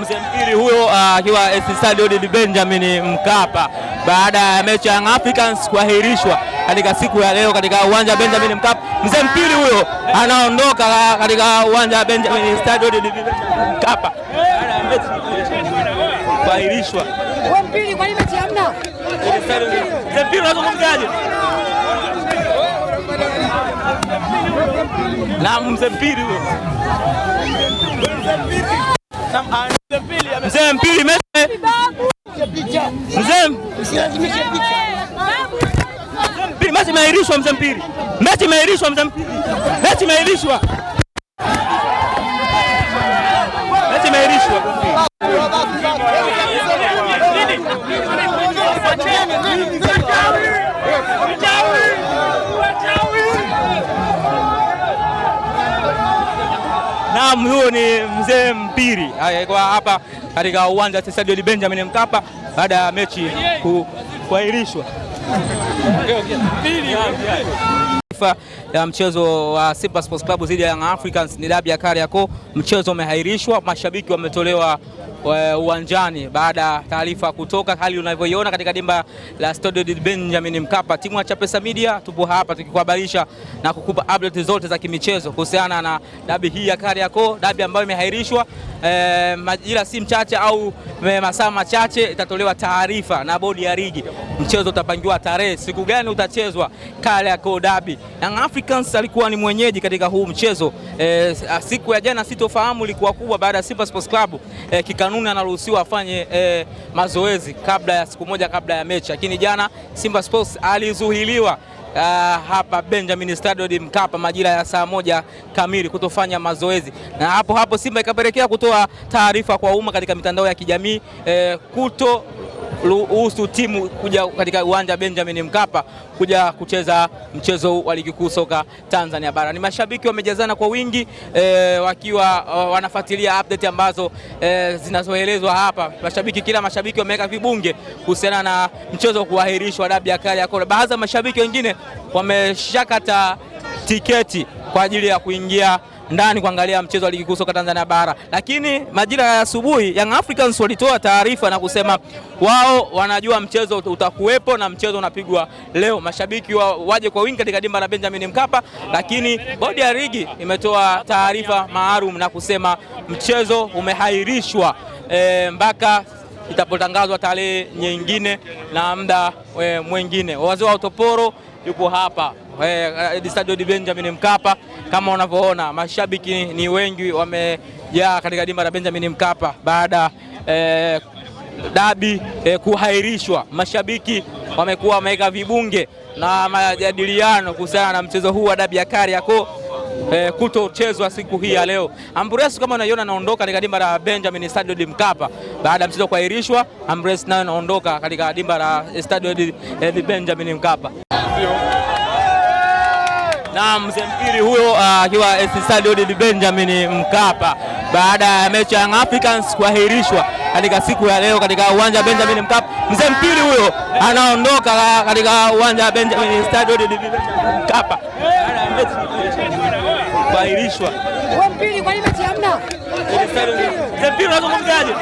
mzee mpili huyo ah, akiwa uh, Stadium di Benjamin Mkapa baada ya mechi ya Africans kuahirishwa katika siku ya leo katika uwanja wa Benjamin Mkapa. Mzee mpili huyo anaondoka ah, katika uwanja wa Benjamin Stadium di Mkapa baada ya mechi kuahirishwa. mpili, kwa mechi hamna? Mzee mpiri unazungumzaje? Na mzee mpili huyo. Mzee mpili mzee. Mechi imeahirishwa mzee mpili. Mechi imeahirishwa mzee mpili. Mechi imeahirishwa. Mechi imeahirishwa. Naam, huyo ni mzee Mpiri alikuwa hapa katika uwanja wa Stadium Benjamin Mkapa baada ya mechi kuahirishwa ya mchezo wa Simba Sports Club dhidi ya Young Africans ni dabi ya Kariakoo. Mchezo umeahirishwa, mashabiki wametolewa uwanjani baada ya taarifa kutoka, hali unavyoiona katika dimba la Stadio Benjamin Mkapa. Timu ya Chapesa Media tupo hapa tukikuhabarisha na kukupa update zote za kimichezo kuhusiana na dabi hii ya Kariakoo, dabi ambayo imehairishwa e, eh, majira si mchache au eh, masaa machache itatolewa taarifa na bodi ya ligi. Mchezo utapangiwa tarehe, siku gani utachezwa Kariakoo dabi. Young Africans alikuwa ni mwenyeji katika huu mchezo e, siku ya jana sitofahamu ilikuwa kubwa baada ya Simba Sports Club e, kika kanuni anaruhusiwa afanye e, mazoezi kabla ya siku moja kabla ya mechi, lakini jana Simba Sports alizuhiliwa Uh, hapa Benjamin Stadium Mkapa majira ya saa moja kamili kutofanya mazoezi, na hapo hapo Simba ikapelekea kutoa taarifa kwa umma katika mitandao ya kijamii eh, kuto kuruhusu timu kuja katika uwanja Benjamin Mkapa kuja kucheza mchezo wa ligi kuu soka Tanzania bara. Ni mashabiki wamejazana kwa wingi e, wakiwa eh, wanafuatilia update ambazo e, zinazoelezwa hapa. Mashabiki kila mashabiki wameweka vibunge kuhusiana na mchezo kuahirishwa dabi ya kali ya Kora. Baadhi ya mashabiki wengine wameshakata tiketi kwa ajili ya kuingia ndani kuangalia mchezo wa ligi kuu soka Tanzania bara, lakini majira ya asubuhi Young Africans walitoa taarifa na kusema wao wanajua mchezo utakuwepo na mchezo unapigwa leo, mashabiki wa, waje kwa wingi katika dimba la Benjamin Mkapa. Lakini bodi ya ligi imetoa taarifa maalum na kusema mchezo umehairishwa e, mpaka itapotangazwa tarehe nyingine na muda e, mwingine. Wazee wa utoporo yupo hapa e, Stadio di Benjamin Mkapa. Kama unavyoona mashabiki ni wengi wamejaa katika dimba la Benjamin Mkapa baada eh, dabi eh, kuhairishwa. Mashabiki wamekuwa wameweka vibunge na majadiliano kuhusiana na mchezo huu wa dabi ya Kariakoo eh, kutochezwa siku hii ya leo. Ambrose kama unaiona anaondoka katika dimba la Benjamin Stadium Mkapa baada ya mchezo kuahirishwa. Ambrose naye anaondoka katika dimba la Stadium eh, Benjamin Mkapa na mzee mpili huyo ah, akiwa uh, Stadium Benjamin Mkapa baada ya mechi ya Young Africans kuahirishwa katika siku ya leo katika uwanja wa Benjamin Mkapa. Mzee mpili huyo anaondoka ah, katika uwanja wa Benjamin eh, Stadium Mkapa baada ya mechi kuahirishwa. Mzee mpili unazungumzaje?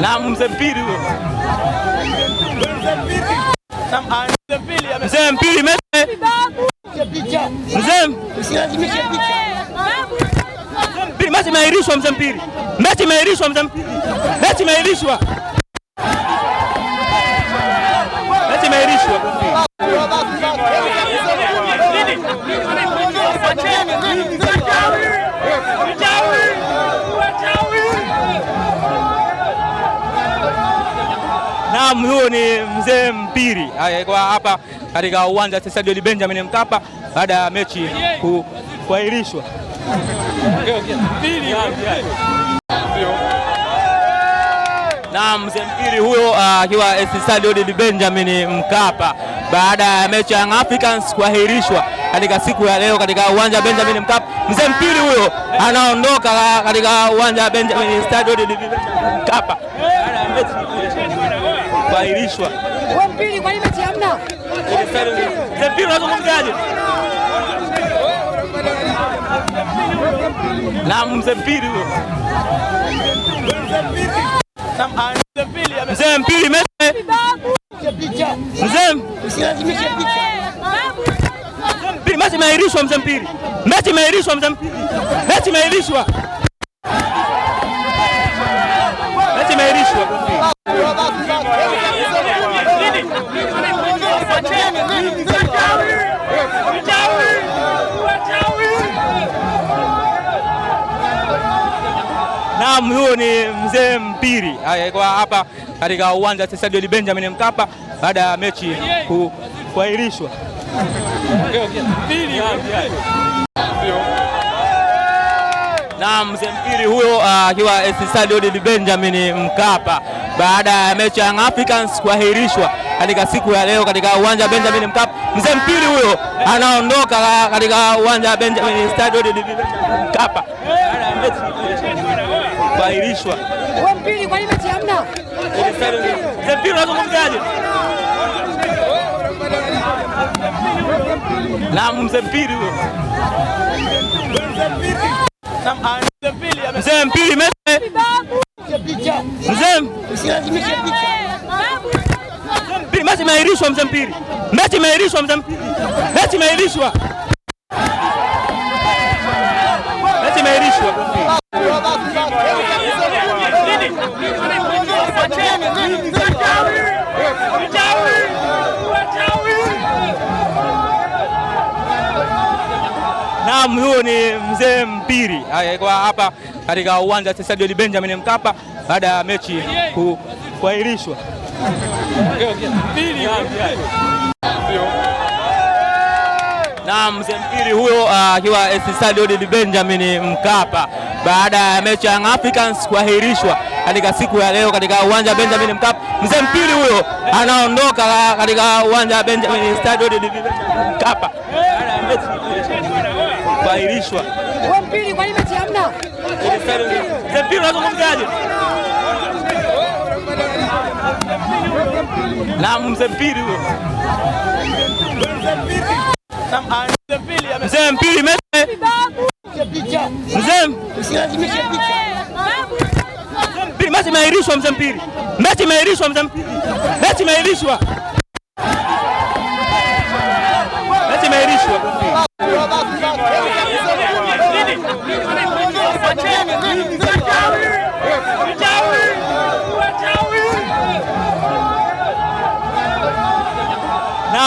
Na mzee mpili huyo Mzee Mpili Mete, mechi imeahirishwa. Mzee Mpili, mechi imeahirishwa. Mzee Mpili, mechi imeahirishwa. Mechi imeahirishwa. Naam, huyo ni mzee mpiri kwa hapa katika uwanja wa Stadium Benjamin Mkapa baada ya mechi kuahirishwa. Naam, mzee mpiri huyo ah, akiwa uh, Stadium Benjamin Mkapa baada ya mechi ya Africans kuahirishwa katika siku ya leo katika uwanja wa Benjamin Mkapa. Mzee mpiri huyo anaondoka ah, katika uwanja wa Benjamin Stadium Mkapa kuahirishwa. Unazungumzaje? Na mzee mpili huyo. Mzee mpili mechi imeahirishwa, mzee mpili mechi imeahirishwa, mzee mpili mechi imeahirishwa, mechi imeahirishwa. Naam, huyo ni mzee mpiri alikuwa hapa katika uwanja wa Stadium Benjamin Mkapa baada ya mechi kuahirishwa. Na mzee mpiri huyo ah, akiwa uh, Stadium Benjamin Mkapa baada ya mechi ya Africans kuahirishwa katika siku ya leo katika uwanja wa Benjamin Mkapa. Mzee mpiri huyo anaondoka katika uwanja wa Benjamin Stadium Benjamin Mkapa kuahirishwa. Mpira kwa nini mechi hamna? Ile mpira unazungumzaje? Na mzee mpira huyo. Ah, mzee mpira mzee. Mzee mechi imeahirishwa mzee mpira. Mechi imeahirishwa mzee mpira. Mechi imeahirishwa. mnamfahamu, huyo ni mzee Mpiri kwa hapa katika uwanja wa Stadium Benjamin Mkapa baada ya mechi kuahirishwa. Na mzee Mpiri huyo ah, akiwa uh, Stadium Benjamin Mkapa baada ya mechi ya Africans kuahirishwa katika siku ya leo katika uwanja wa Benjamin Mkapa. Mzee Mpili huyo anaondoka katika uwanja wa Benjamin Stadium Benjamin Mkapa kuahirishwa. Mpira mzee mpili huyo. Mzee mpili Mechi imeahirishwa mzee mpili. Mechi imeahirishwa mzee mpili. Mechi imeahirishwa. Mechi imeahirishwa.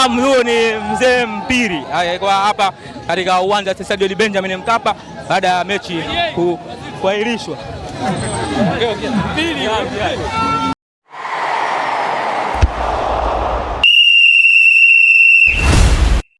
Naam, huyo ni mzee mpiri alikuwa hapa katika uwanja wa Stadium Benjamin Mkapa baada ya mechi kuahirishwa.